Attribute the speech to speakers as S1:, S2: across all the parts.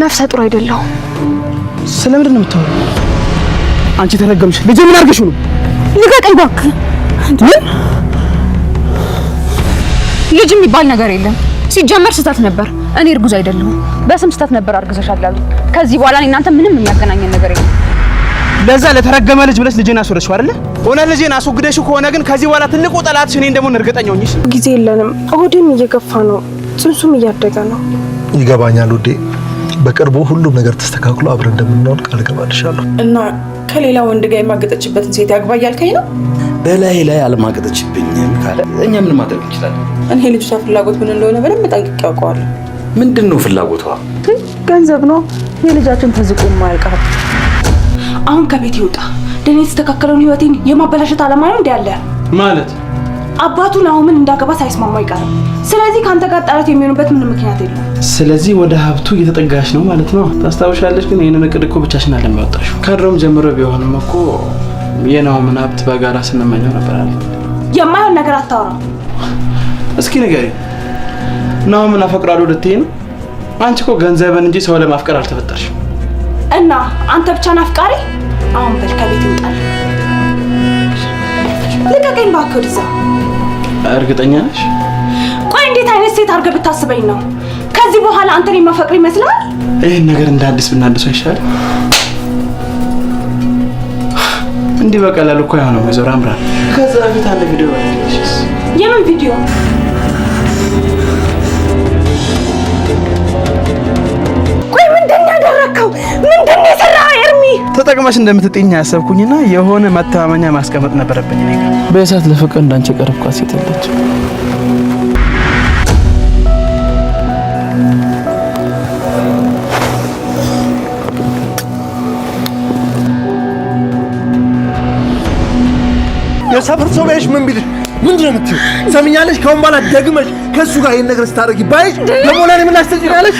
S1: ነፍሰ ጡር አይደለሁም።
S2: ስለምንድን ነው የምታወሪው? አንቺ ተረገምሽ። ልጄ ምን አድርገሽው ነው?
S1: ልቀቀኝ እባክህ። ምን ልጅ የሚባል ነገር የለም። ሲጀመር ስህተት ነበር። እኔ እርጉዝ አይደለሁም። በስም ስህተት ነበር አርግዘሻል አሉ። ከዚህ በኋላ እናንተ ምንም የሚያገናኘን ነገር የለም።
S2: ለዛ ለተረገመ ልጅ ብለሽ ልጄን አስወረድሽው አይደለ? እውነት ልጄን አስወግደሽው ከሆነ ግን ከዚህ በኋላ ትልቁ ጠላትሽ እኔ እንደምሆን እርግጠኛ ሆኜሽ።
S1: ጊዜ የለንም። ሆዴም እየገፋ ነው፣ ጽንሱም እያደገ ነው።
S3: ይገባኛል ውዴ በቅርቡ ሁሉም ነገር ተስተካክሎ አብረን እንደምንሆን ቃል ገባልሻለሁ።
S1: እና ከሌላ ወንድ ጋር የማገጠችበትን ሴት ያግባ እያልከኝ ነው?
S3: በላይ ላይ አለማገጠችብኝም ካለ እኛ ምን ማድረግ እንችላለን?
S1: እኔ ልጅቷ ፍላጎት ምን እንደሆነ በደንብ ጠንቅቄ አውቀዋለሁ።
S3: ምንድን ነው ፍላጎቷ?
S1: ገንዘብ ነው። የልጃችን ተዝቆ ማያልቅ አሁን ከቤት ይውጣ። ደኔ የተስተካከለውን ህይወቴን የማበላሸት አላማ ነው እንዲ ያለ ማለት አባቱ ናሆምን እንዳገባ ሳይስማማ አይቀርም። ስለዚህ ከአንተ ጋር ጣላት የሚሆንበት ምንም ምክንያት የለም።
S2: ስለዚህ ወደ ሀብቱ እየተጠጋሽ ነው ማለት ነው። ታስታውሻለሽ ግን ይህንን እቅድ እኮ ብቻሽን አለም ያወጣሽው። ከድሮም ጀምሮ ቢሆንም እኮ የናሆምን ሀብት በጋራ ስንመኘው ነበር አለ።
S1: የማይሆን ነገር አታወራ።
S2: እስኪ ንገሪኝ፣ ናሆምን አፈቅራሉ ልትይ ነው? አንቺ እኮ ገንዘብን እንጂ ሰው ለማፍቀር አልተፈጠርሽም።
S1: እና አንተ ብቻ ናፍቃሪ። አሁን በል ከቤት ይውጣል። ልቀቀኝ እባክህ ወደዛ።
S2: እርግጠኛ ነሽ?
S1: ቆይ እንዴት አይነት ሴት አድርገህ ብታስበኝ ነው? ከዚህ በኋላ አንተን የማፈቅር ይመስላል?
S2: ይህን ነገር እንደ አዲስ ብናድሱ አይሻልም? እንዲህ በቀላሉ እኮ ያው ነው። ወይዘሮ አምራል
S3: ከዛ በፊት አንድ ቪዲዮ
S1: የምን ቪዲዮ
S2: ደጋግመሽ እንደምትጥኝ ያሰብኩኝና የሆነ መተማመኛ ማስቀመጥ ነበረብኝ። እኔ ጋር በእሳት ለፍቅር እንዳንቺ ቀረብኳት ሴት አለች። የሰፈር ሰው ቢያይሽ ምን ቢልሽ ምንድን ነው የምትይው? ሰምኛለሽ። ከአሁን በኋላ ደግመሽ ከእሱ ጋር ይህን ነገር ስታደርጊ ባይሽ ለሞላን ምላሽ ትሰጪኛለሽ?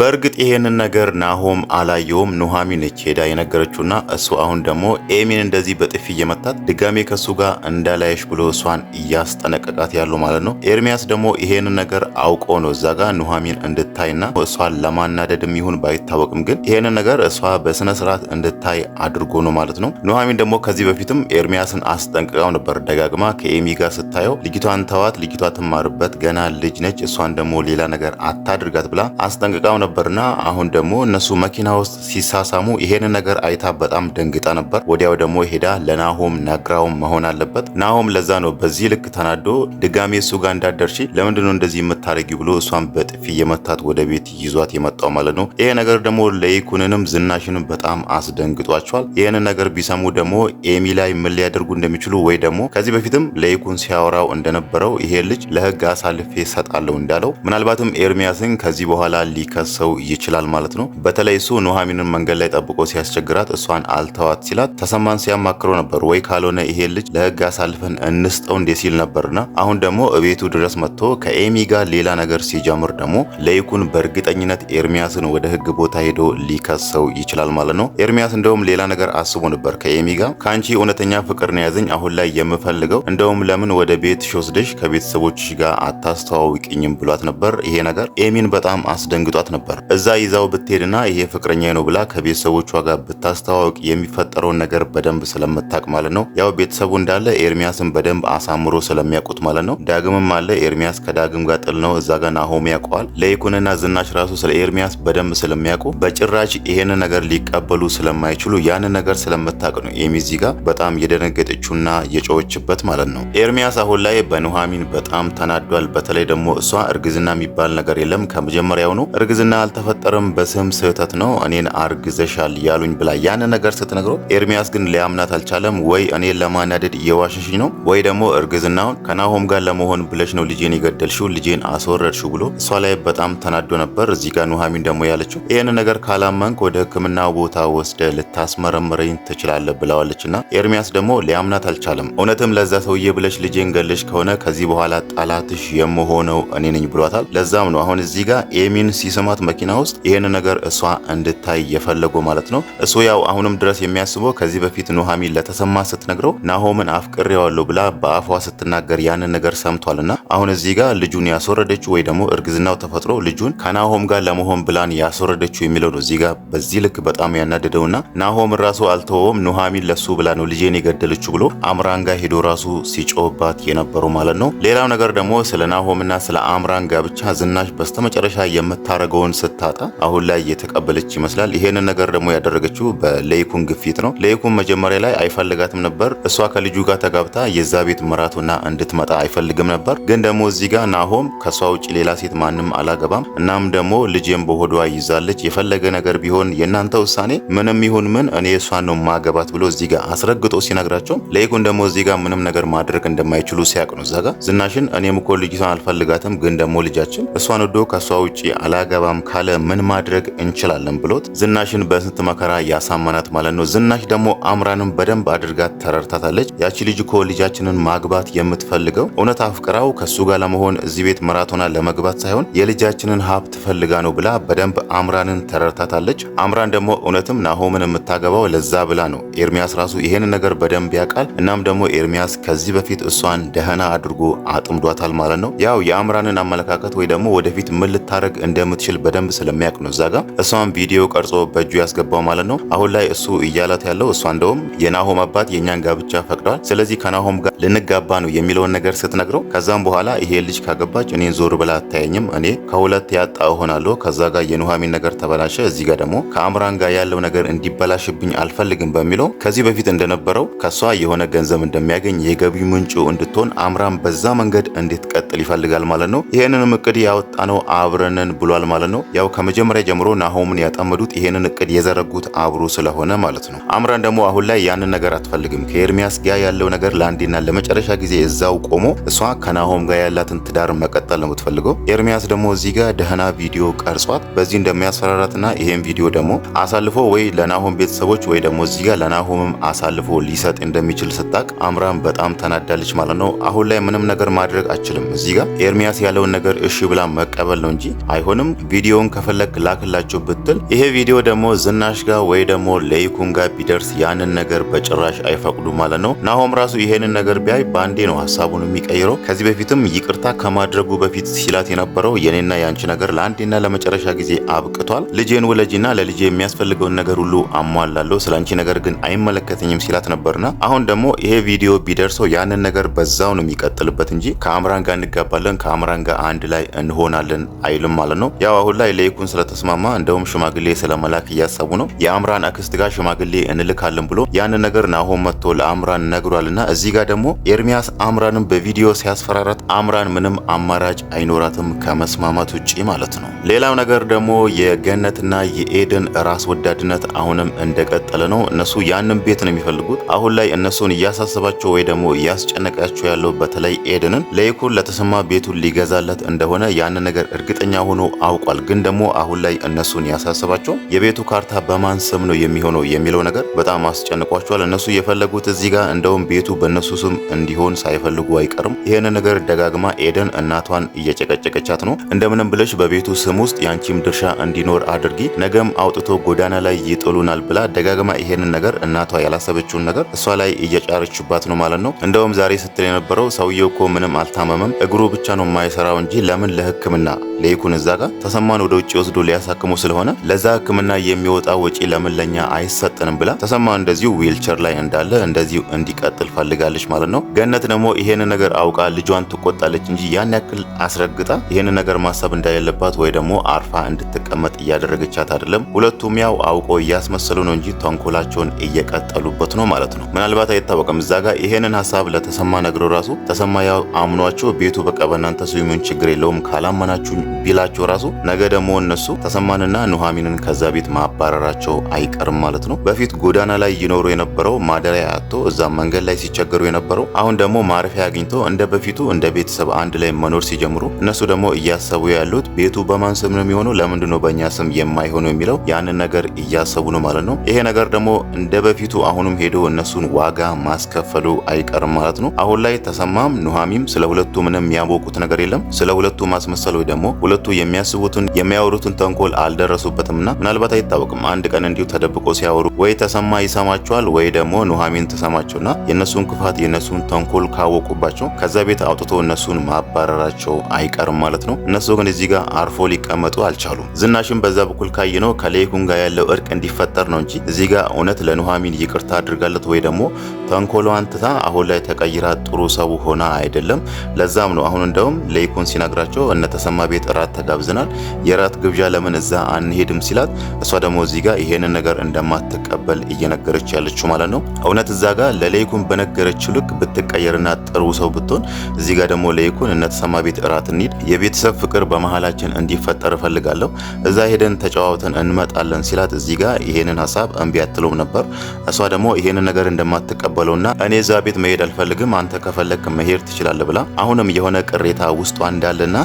S4: በእርግጥ ይሄንን ነገር ናሆም አላየውም። ኑሐሚን ነች ሄዳ የነገረችውና እሱ አሁን ደግሞ ኤሚን እንደዚህ በጥፊ እየመታት ድጋሜ ከሱ ጋር እንዳላየሽ ብሎ እሷን እያስጠነቀቃት ያለው ማለት ነው። ኤርሚያስ ደግሞ ይሄንን ነገር አውቆ ነው እዛ ጋር ኑሐሚን እንድታይና እሷን ለማናደድም ይሁን ባይታወቅም ግን ይሄንን ነገር እሷ በስነ ስርዓት እንድታይ አድርጎ ነው ማለት ነው። ኑሐሚን ደግሞ ከዚህ በፊትም ኤርሚያስን አስጠንቅቃው ነበር ደጋግማ ከኤሚ ጋር ስታየው ልጅቷን ተዋት፣ ልጅቷ ትማርበት ገና ልጅ ነች፣ እሷን ደግሞ ሌላ ነገር አታድርጋት ብላ አስጠንቅቃው ነበር ነበርና አሁን ደግሞ እነሱ መኪና ውስጥ ሲሳሳሙ ይሄንን ነገር አይታ በጣም ደንግጣ ነበር። ወዲያው ደግሞ ሄዳ ለናሆም ነግራውም መሆን አለበት። ናሆም ለዛ ነው በዚህ ልክ ተናዶ ድጋሜ እሱ ጋር እንዳደርሺ ለምንድነው እንደዚህ የምታደርጊው ብሎ እሷን በጥፊ የመታት ወደ ቤት ይዟት የመጣው ማለት ነው። ይሄ ነገር ደግሞ ለይኩንንም ዝናሽንም በጣም አስደንግጧቸዋል። ይህንን ነገር ቢሰሙ ደግሞ ኤሚ ላይ ምን ሊያደርጉ እንደሚችሉ ወይ ደግሞ ከዚህ በፊትም ለይኩን ሲያወራው እንደነበረው ይሄ ልጅ ለህግ አሳልፌ ሰጣለሁ እንዳለው ምናልባትም ኤርሚያስን ከዚህ በኋላ ሊከስ ሰው ይችላል ማለት ነው። በተለይ እሱ ኑሐሚንን መንገድ ላይ ጠብቆ ሲያስቸግራት እሷን አልተዋት ሲላት ተሰማን ሲያማክሮ ነበር። ወይ ካልሆነ ይሄ ልጅ ለህግ አሳልፈን እንስጠው እንዴ ሲል ነበርና አሁን ደግሞ እቤቱ ድረስ መጥቶ ከኤሚ ጋር ሌላ ነገር ሲጀምር ደግሞ ለይኩን በእርግጠኝነት ኤርሚያስን ወደ ህግ ቦታ ሄዶ ሊከሰው ይችላል ማለት ነው። ኤርሚያስ እንደውም ሌላ ነገር አስቦ ነበር ከኤሚ ጋር ከአንቺ እውነተኛ ፍቅር ነው ያዘኝ አሁን ላይ የምፈልገው እንደውም ለምን ወደ ቤት ሾስደሽ ከቤተሰቦች ጋር አታስተዋውቅኝም ብሏት ነበር። ይሄ ነገር ኤሚን በጣም አስደንግጧት ነበር። ነበር። እዛ ይዛው ብትሄድና ይሄ ፍቅረኛ ነው ብላ ከቤተሰቦቿ ጋር ብታስተዋወቅ የሚፈጠረውን ነገር በደንብ ስለምታቅ ማለት ነው። ያው ቤተሰቡ እንዳለ ኤርሚያስን በደንብ አሳምሮ ስለሚያውቁት ማለት ነው። ዳግምም አለ ኤርሚያስ ከዳግም ጋር ጥል ነው። እዛ ጋር ናሆም ያውቀዋል። ለይኩንና ዝናሽ ራሱ ስለ ኤርሚያስ በደንብ ስለሚያውቁ በጭራሽ ይሄን ነገር ሊቀበሉ ስለማይችሉ ያንን ነገር ስለምታቅ ነው እዚህ ጋር በጣም የደነገጠችውና የጮችበት ማለት ነው። ኤርሚያስ አሁን ላይ በኑሐሚን በጣም ተናዷል። በተለይ ደግሞ እሷ እርግዝና የሚባል ነገር የለም ከመጀመሪያው ነው እርግዝና አልተፈጠረም፣ በስም ስህተት ነው፣ እኔን አርግዘሻል ያሉኝ ብላ ያን ነገር ስትነግረው ኤርሚያስ ግን ሊያምናት አልቻለም። ወይ እኔ ለማናደድ እየዋሸሽኝ ነው ወይ ደግሞ እርግዝናውን ከናሆም ጋር ለመሆን ብለሽ ነው ልጄን የገደልሽው፣ ልጄን አስወረድሽው ብሎ እሷ ላይ በጣም ተናዶ ነበር። እዚህ ጋር ኑሐሚን ደግሞ ያለችው ይህን ነገር ካላመንክ ወደ ሕክምና ቦታ ወስደ ልታስመረምረኝ ትችላለ ብለዋለች። እና ኤርሚያስ ደግሞ ሊያምናት አልቻለም። እውነትም ለዛ ሰውዬ ብለሽ ልጄን ገለሽ ከሆነ ከዚህ በኋላ ጠላትሽ የምሆነው እኔ ነኝ ብሏታል። ለዛም ነው አሁን እዚህ ጋር ኤሚን ሲስማት መኪና ውስጥ ይህን ነገር እሷ እንድታይ የፈለጉ ማለት ነው። እሱ ያው አሁንም ድረስ የሚያስበው ከዚህ በፊት ኑሐሚን ለተሰማ ስትነግረው ናሆምን አፍቅሬዋለሁ ብላ በአፏ ስትናገር ያንን ነገር ሰምቷል እና አሁን እዚህ ጋር ልጁን ያስወረደችው ወይ ደግሞ እርግዝናው ተፈጥሮ ልጁን ከናሆም ጋር ለመሆን ብላን ያስወረደችው የሚለው ነው እዚህ ጋር በዚህ ልክ በጣም ያናደደውና ናሆም ራሱ አልተወውም ኑሐሚን ለሱ ብላ ነው ልጄን የገደለችው ብሎ አምራን ጋር ሄዶ ራሱ ሲጮባት የነበረው ማለት ነው። ሌላው ነገር ደግሞ ስለ ናሆምና ስለ አምራን ጋብቻ ብቻ ዝናሽ በስተመጨረሻ የምታደርገውን ስታጣ አሁን ላይ እየተቀበለች ይመስላል። ይሄንን ነገር ደግሞ ያደረገችው በሌይኩን ግፊት ነው። ሌይኩን መጀመሪያ ላይ አይፈልጋትም ነበር። እሷ ከልጁ ጋር ተጋብታ የዛ ቤት ምራቱና እንድትመጣ አይፈልግም ነበር። ግን ደግሞ እዚህ ጋር ናሆም ከእሷ ውጭ ሌላ ሴት ማንም አላገባም፣ እናም ደግሞ ልጄም በሆዷ ይዛለች፣ የፈለገ ነገር ቢሆን የእናንተ ውሳኔ ምንም ይሁን ምን እኔ እሷን ነው ማገባት ብሎ እዚህ ጋር አስረግጦ ሲነግራቸው ሌይኩን ደግሞ እዚህ ጋር ምንም ነገር ማድረግ እንደማይችሉ ሲያቅ ነው እዛ ጋር ዝናሽን እኔም እኮ ልጅቷን አልፈልጋትም፣ ግን ደግሞ ልጃችን እሷን ወዶ ከእሷ ውጭ አላገባም ካለ ምን ማድረግ እንችላለን ብሎት ዝናሽን በስንት መከራ ያሳመናት ማለት ነው። ዝናሽ ደግሞ አምራንም በደንብ አድርጋት ተረድታታለች። ያቺ ልጅ እኮ ልጃችንን ማግባት የምትፈልገው እውነት አፍቅራው ከሱ ጋር ለመሆን እዚህ ቤት መራቶና ለመግባት ሳይሆን የልጃችንን ሀብት ፈልጋ ነው ብላ በደንብ አምራንን ተረድታታለች። አምራን ደግሞ እውነትም ናሆምን የምታገባው ለዛ ብላ ነው። ኤርሚያስ ራሱ ይሄን ነገር በደንብ ያውቃል። እናም ደግሞ ኤርሚያስ ከዚህ በፊት እሷን ደህና አድርጎ አጥምዷታል ማለት ነው። ያው የአምራንን አመለካከት ወይ ደግሞ ወደፊት ምን ልታደረግ እንደምትችል በደንብ ስለሚያውቅ ነው እዛ ጋር እሷን ቪዲዮ ቀርጾ በእጁ ያስገባው ማለት ነው። አሁን ላይ እሱ እያላት ያለው እሷ እንደውም የናሆም አባት የእኛን ጋብቻ ፈቅዷል፣ ስለዚህ ከናሆም ጋር ልንጋባ ነው የሚለውን ነገር ስትነግረው ከዛም በኋላ ይሄ ልጅ ካገባች እኔን ዞር ብላ አታየኝም፣ እኔ ከሁለት ያጣ እሆናለሁ። ከዛ ጋር የኑሐሚን ነገር ተበላሸ፣ እዚህ ጋር ደግሞ ከአምራን ጋር ያለው ነገር እንዲበላሽብኝ አልፈልግም በሚለው ከዚህ በፊት እንደነበረው ከሷ የሆነ ገንዘብ እንደሚያገኝ የገቢ ምንጩ እንድትሆን አምራን በዛ መንገድ እንድትቀጥል ይፈልጋል ማለት ነው። ይህንንም እቅድ ያወጣ ነው አብረንን ብሏል ማለት ነው። ነው። ያው ከመጀመሪያ ጀምሮ ናሆምን ያጠመዱት ይሄንን እቅድ የዘረጉት አብሮ ስለሆነ ማለት ነው። አምራን ደግሞ አሁን ላይ ያንን ነገር አትፈልግም። ከኤርሚያስ ጋር ያለው ነገር ለአንዴና ለመጨረሻ ጊዜ እዛው ቆሞ እሷ ከናሆም ጋር ያላትን ትዳር መቀጠል ነው የምትፈልገው። ኤርሚያስ ደግሞ እዚህ ጋር ደህና ቪዲዮ ቀርጿት በዚህ እንደሚያስፈራራትና ይሄን ቪዲዮ ደግሞ አሳልፎ ወይ ለናሆም ቤተሰቦች ወይ ደግሞ እዚህ ጋር ለናሆምም አሳልፎ ሊሰጥ እንደሚችል ስታቅ አምራን በጣም ተናዳለች ማለት ነው። አሁን ላይ ምንም ነገር ማድረግ አችልም። እዚህ ጋር ኤርሚያስ ያለውን ነገር እሺ ብላ መቀበል ነው እንጂ አይሆንም ቪዲዮ ቪዲዮውን ከፈለክ ላክላቸው ብትል ይሄ ቪዲዮ ደግሞ ዝናሽ ጋር ወይ ደግሞ ለይኩን ጋር ቢደርስ ያንን ነገር በጭራሽ አይፈቅዱ ማለት ነው። ናሆም ራሱ ይሄንን ነገር ቢያይ ባንዴ ነው ሀሳቡን የሚቀይረው። ከዚህ በፊትም ይቅርታ ከማድረጉ በፊት ሲላት የነበረው የኔና የአንቺ ነገር ለአንዴና ለመጨረሻ ጊዜ አብቅቷል፣ ልጄን ውለጂና ለልጄ የሚያስፈልገውን ነገር ሁሉ አሟላለሁ፣ ስለ አንቺ ነገር ግን አይመለከተኝም ሲላት ነበርና አሁን ደግሞ ይሄ ቪዲዮ ቢደርሰው ያንን ነገር በዛው ነው የሚቀጥልበት እንጂ ከአምራን ጋር እንጋባለን ከአምራን ጋር አንድ ላይ እንሆናለን አይልም ማለት ነው። ያው አሁን አብዶላ ለይኩን ስለተስማማ እንደውም ሽማግሌ ስለመላክ እያሰቡ ነው። የአምራን አክስት ጋር ሽማግሌ እንልካለን ብሎ ያንን ነገር ናሆም መጥቶ ለአምራን ነግሯልና እዚህ ጋር ደግሞ ኤርሚያስ አምራንም በቪዲዮ ሲያስፈራራት አምራን ምንም አማራጭ አይኖራትም ከመስማማት ውጪ ማለት ነው። ሌላው ነገር ደግሞ የገነትና የኤደን ራስ ወዳድነት አሁንም እንደቀጠለ ነው። እነሱ ያንን ቤት ነው የሚፈልጉት። አሁን ላይ እነሱን እያሳሰባቸው ወይ ደግሞ እያስጨነቃቸው ያለው በተለይ ኤደንን ለይኩን ለተሰማ ቤቱን ሊገዛለት እንደሆነ ያንን ነገር እርግጠኛ ሆኖ አውቋል። ግን ደግሞ አሁን ላይ እነሱን ያሳሰባቸው የቤቱ ካርታ በማን ስም ነው የሚሆነው የሚለው ነገር በጣም አስጨንቋቸዋል። እነሱ የፈለጉት እዚህ ጋር እንደውም ቤቱ በእነሱ ስም እንዲሆን ሳይፈልጉ አይቀርም። ይህን ነገር ደጋግማ ኤደን እናቷን እየጨቀጨቀቻት ነው። እንደምንም ብለሽ በቤቱ ስም ውስጥ የአንቺም ድርሻ እንዲኖር አድርጊ፣ ነገም አውጥቶ ጎዳና ላይ ይጥሉናል ብላ ደጋግማ ይሄንን ነገር እናቷ ያላሰበችውን ነገር እሷ ላይ እየጫረችባት ነው ማለት ነው። እንደውም ዛሬ ስትል የነበረው ሰውየው እኮ ምንም አልታመመም እግሩ ብቻ ነው የማይሰራው እንጂ ለምን ለሕክምና ለይኩን እዛ ጋር ተሰማ ተሰማን ወደ ውጭ ወስዶ ሊያሳክሙ ስለሆነ ለዛ ህክምና የሚወጣ ወጪ ለምን ለኛ አይሰጥንም ብላ ተሰማ እንደዚሁ ዊልቸር ላይ እንዳለ እንደዚሁ እንዲቀጥል ፈልጋለች ማለት ነው። ገነት ደግሞ ይሄን ነገር አውቃ ልጇን ትቆጣለች እንጂ ያን ያክል አስረግጣ ይሄን ነገር ማሰብ እንደሌለባት ወይ ደግሞ አርፋ እንድትቀመጥ እያደረገቻት አይደለም። ሁለቱም ያው አውቆ እያስመሰሉ ነው እንጂ ተንኮላቸውን እየቀጠሉበት ነው ማለት ነው። ምናልባት አይታወቅም እዛ ጋር ይሄንን ሀሳብ ለተሰማ ነግሮ ራሱ ተሰማ ያው አምኗቸው ቤቱ በቃ በእናንተ ስዩምን ችግር የለውም ካላመናችሁ ቢላቸው ራሱ ነገ ደግሞ እነሱ ተሰማንና ኑሐሚንን ከዛ ቤት ማባረራቸው አይቀርም ማለት ነው። በፊት ጎዳና ላይ ይኖሩ የነበረው ማደሪያ አጥቶ እዛ መንገድ ላይ ሲቸገሩ የነበረው አሁን ደግሞ ማረፊያ አግኝቶ እንደ በፊቱ እንደ ቤተሰብ አንድ ላይ መኖር ሲጀምሩ እነሱ ደግሞ እያሰቡ ያሉት ቤቱ በማን ስም ነው የሚሆነው? ለምንድን ነው በእኛ ስም የማይሆነው የሚለው ያንን ነገር እያሰቡ ነው ማለት ነው። ይሄ ነገር ደግሞ እንደ በፊቱ አሁንም ሄዶ እነሱን ዋጋ ማስከፈሉ አይቀርም ማለት ነው። አሁን ላይ ተሰማም ኑሐሚም ስለ ሁለቱ ምንም ያወቁት ነገር የለም። ስለ ሁለቱ ማስመሰል ወይ ደግሞ ሁለቱ የሚያስቡትን የሚያወሩትን ተንኮል አልደረሱበትምና ምናልባት አይታወቅም አንድ ቀን እንዲሁ ተደብቆ ሲያወሩ ወይ ተሰማ ይሰማቸዋል ወይ ደግሞ ኑሐሚን ትሰማቸውና የእነሱን ክፋት የእነሱን ተንኮል ካወቁባቸው ከዛ ቤት አውጥቶ እነሱን ማባረራቸው አይቀርም ማለት ነው። እነሱ ግን እዚህ ጋር አርፎ ሊቀመጡ አልቻሉም። ዝናሽን በዛ በኩል ካይ ነው ከሌኩን ጋር ያለው እርቅ እንዲፈጠር ነው እንጂ እዚህ ጋር እውነት ለኑሐሚን ይቅርታ አድርጋለት ወይ ደግሞ ተንኮሏን ትታ አሁን ላይ ተቀይራ ጥሩ ሰው ሆና አይደለም። ለዛም ነው አሁን እንደውም ሌኩን ሲነግራቸው እነተሰማ ቤት እራት ተጋብዝናል የራት ግብዣ ለምን እዛ አንሄድም ሲላት እሷ ደግሞ እዚህ ጋር ይሄንን ነገር እንደማትቀበል እየነገረች ያለችው ማለት ነው። እውነት እዛ ጋር ለሌይኩን በነገረችው ልክ ብትቀየርና ጥሩ ሰው ብትሆን፣ እዚህ ጋር ደግሞ ሌይኩን እነተሰማ ቤት እራት እንሂድ፣ የቤተሰብ ፍቅር በመሀላችን እንዲፈጠር እፈልጋለሁ፣ እዛ ሄደን ተጨዋውተን እንመጣለን ሲላት እዚህ ጋር ይሄንን ሀሳብ እምቢ አትለውም ነበር። እሷ ደግሞ ይሄንን ነገር እንደማትቀበለውና እኔ እዛ ቤት መሄድ አልፈልግም፣ አንተ ከፈለግ መሄድ ትችላለህ ብላ አሁንም የሆነ ቅሬታ ውስጧ እንዳለና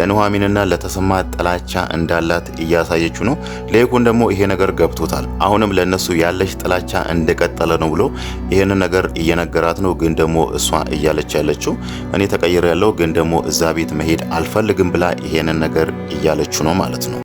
S4: ለኑሐሚንና ለተሰማ ጠላ ጥላቻ እንዳላት እያሳየችው ነው። ለይኩን ደግሞ ይሄ ነገር ገብቶታል። አሁንም ለነሱ ያለች ጥላቻ እንደቀጠለ ነው ብሎ ይህንን ነገር እየነገራት ነው። ግን ደግሞ እሷ እያለች ያለችው እኔ ያለው ግን ደግሞ እዛ ቤት መሄድ አልፈልግም ብላ ይሄንን ነገር እያለችው ነው ማለት ነው።